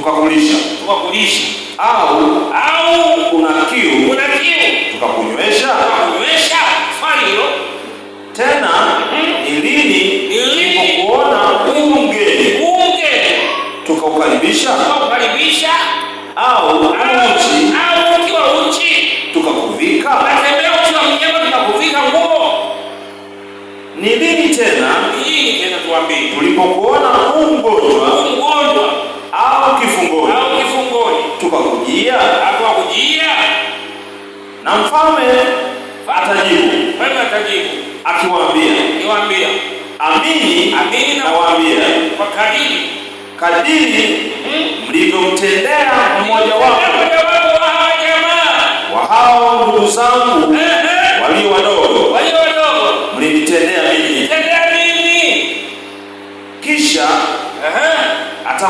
tukakulisha, tukakulisha au au una kiu, una kiu tukakunywesha, tukakunywesha. Swali hiyo tena mhm. ilini ilini kuona unge unge tukakukaribisha tukakukaribisha au uchi au uchi, wa uchi tukakuvika, uchi wa mnyama tukakuvika nguo. Ni lini tena, ni lini tena tuambie, tulipokuona huu mgonjwa, au kifungoni, au kifungoni, tukakujia akakujia, na mfalme atajibu, mfalme atajibu akiwaambia, niwaambia, amini, amini na waambia, kwa kadiri kadiri hmm? mlivyomtendea mmoja wao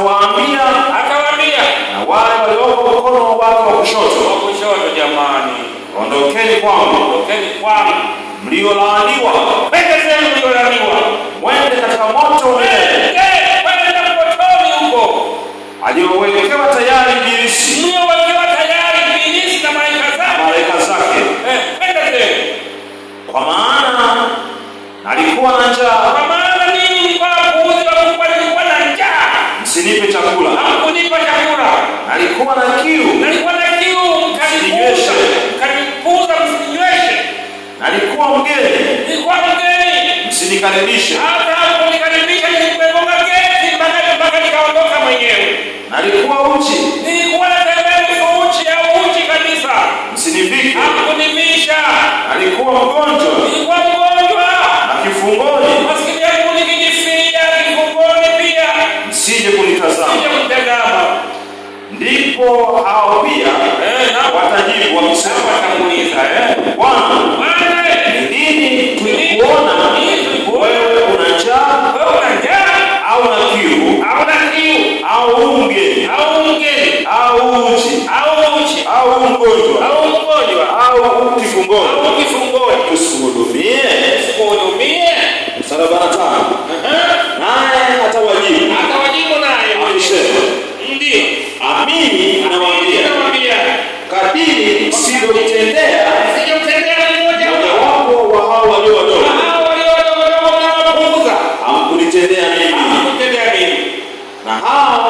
akawaambia akawaambia, na wale walioko mkono wa watu wa kushoto wa kushoto, jamani, ondokeni kwangu, ondokeni kwangu, mliolaaniwa, pete zenu mliolaaniwa, mwende katika moto milele, kwenda motoni huko aliowekewa tayari akanikaribisha, nikaondoka mwenyewe. Nalikuwa uchi, nilikuwa uchi au uchi kabisa, msinivike, hakunivisha. Nalikuwa mgonjwa au mgonjwa au mgonjwa au ukifungoni au ukifungoni, tusikuhudumie tusikuhudumie. Msalaba na tano, naye atawajibu atawajibu naye akisema, ndio amini anawaambia anawaambia, kadiri msivyotendea msivyotendea mmoja wapo wa hao walio wadogo hao walio wadogo, mnawapunguza hamkunitendea mimi hamkunitendea mimi na hao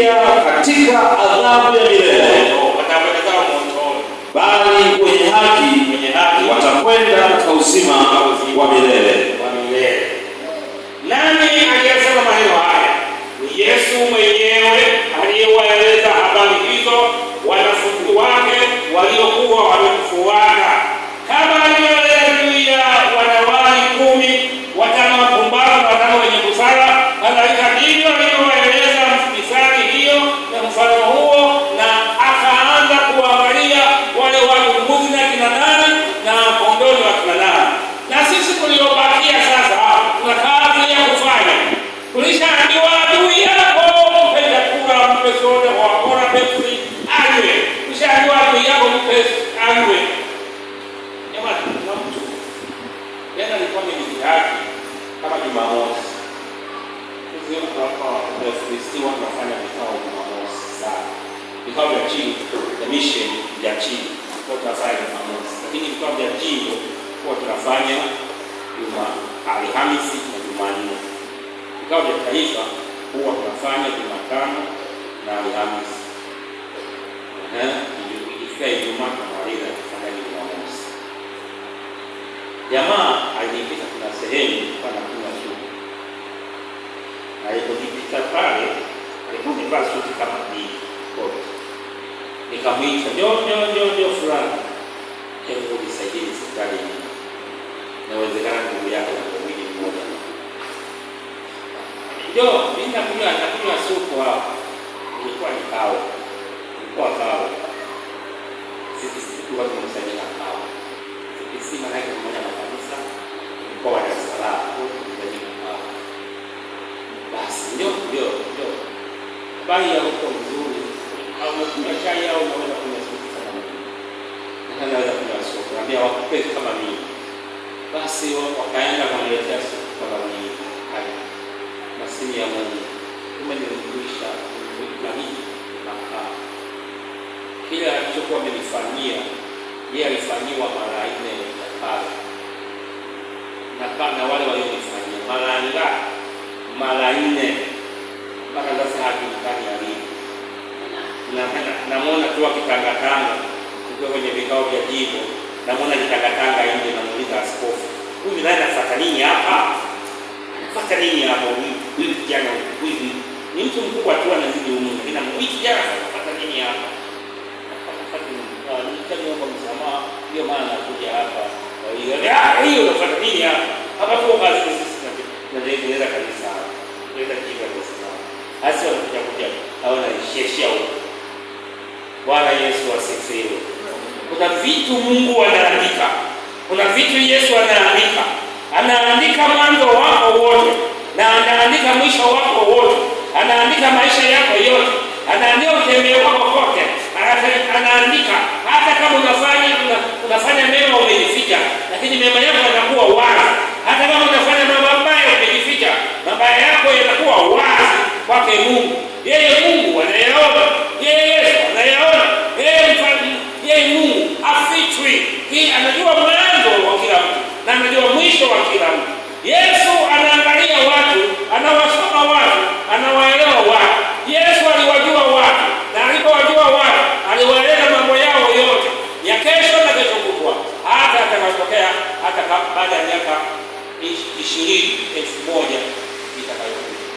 kuingia katika adhabu ya milele, bali kwenye haki watakwenda katika uzima wa milele. Nani aliyesema maneno haya? Yesu mwenyewe. chini ya mission ya chini kwa tunafanya Jumamosi, lakini vikao vya jimbo kwa tunafanya juma Alhamisi na Jumanne. Vikao vya taifa huwa tunafanya Jumatano na Alhamisi. Ikifika Ijumaa tunamaliza kufanya Jumamosi. Jamaa aliniingiza kuna sehemu pana kuna shule, alipojipita pale alikuwa amevaa suti kama nikamwita njoo njoo njoo njoo fulani, hebu nisaidie serikali hii. Inawezekana ndugu yako na mwili mmoja, ndio mimi nakunywa nakunywa supu hapo. Ilikuwa ni kawa, ilikuwa kawa, sisi tulikuwa tunamsaidia hawakupenda kama mimi. Basi wakaenda kumletea sukuma wawili haya maskini ya Mungu, umenirudisha na hii makaa. kila alichokuwa amenifanyia yeye alifanyiwa mara nne ya pale na wale walionifanyia mara ngapi? Mara nne mpaka sasa hajulikani alipo, na namwona tu wakitangatanga tukiwa kwenye vikao vya jimbo namwona kitangatanga nje, namuuliza askofu, huyu naye anafuata nini hapa? Anafuata nini hapa? Huyu kijana huyu ni mtu mkubwa tu ana vitu Mungu anaandika, kuna vitu Yesu anaandika. Anaandika mwanzo wako wote na anaandika mwisho wako wote, anaandika maisha yako yote, anaandika utembeo wako kote, anaandika hata kama unafanya lakini anajua mwanzo wa kila mtu na anajua mwisho wa kila mtu. Yesu anaangalia watu, anawasoma watu, anawaelewa watu. Yesu aliwajua watu, na alipowajua watu aliwaeleza mambo yao yote ya kesho na kesho kutwa, hata atakayotokea hata baada ya miaka ishirini elfu moja itakayo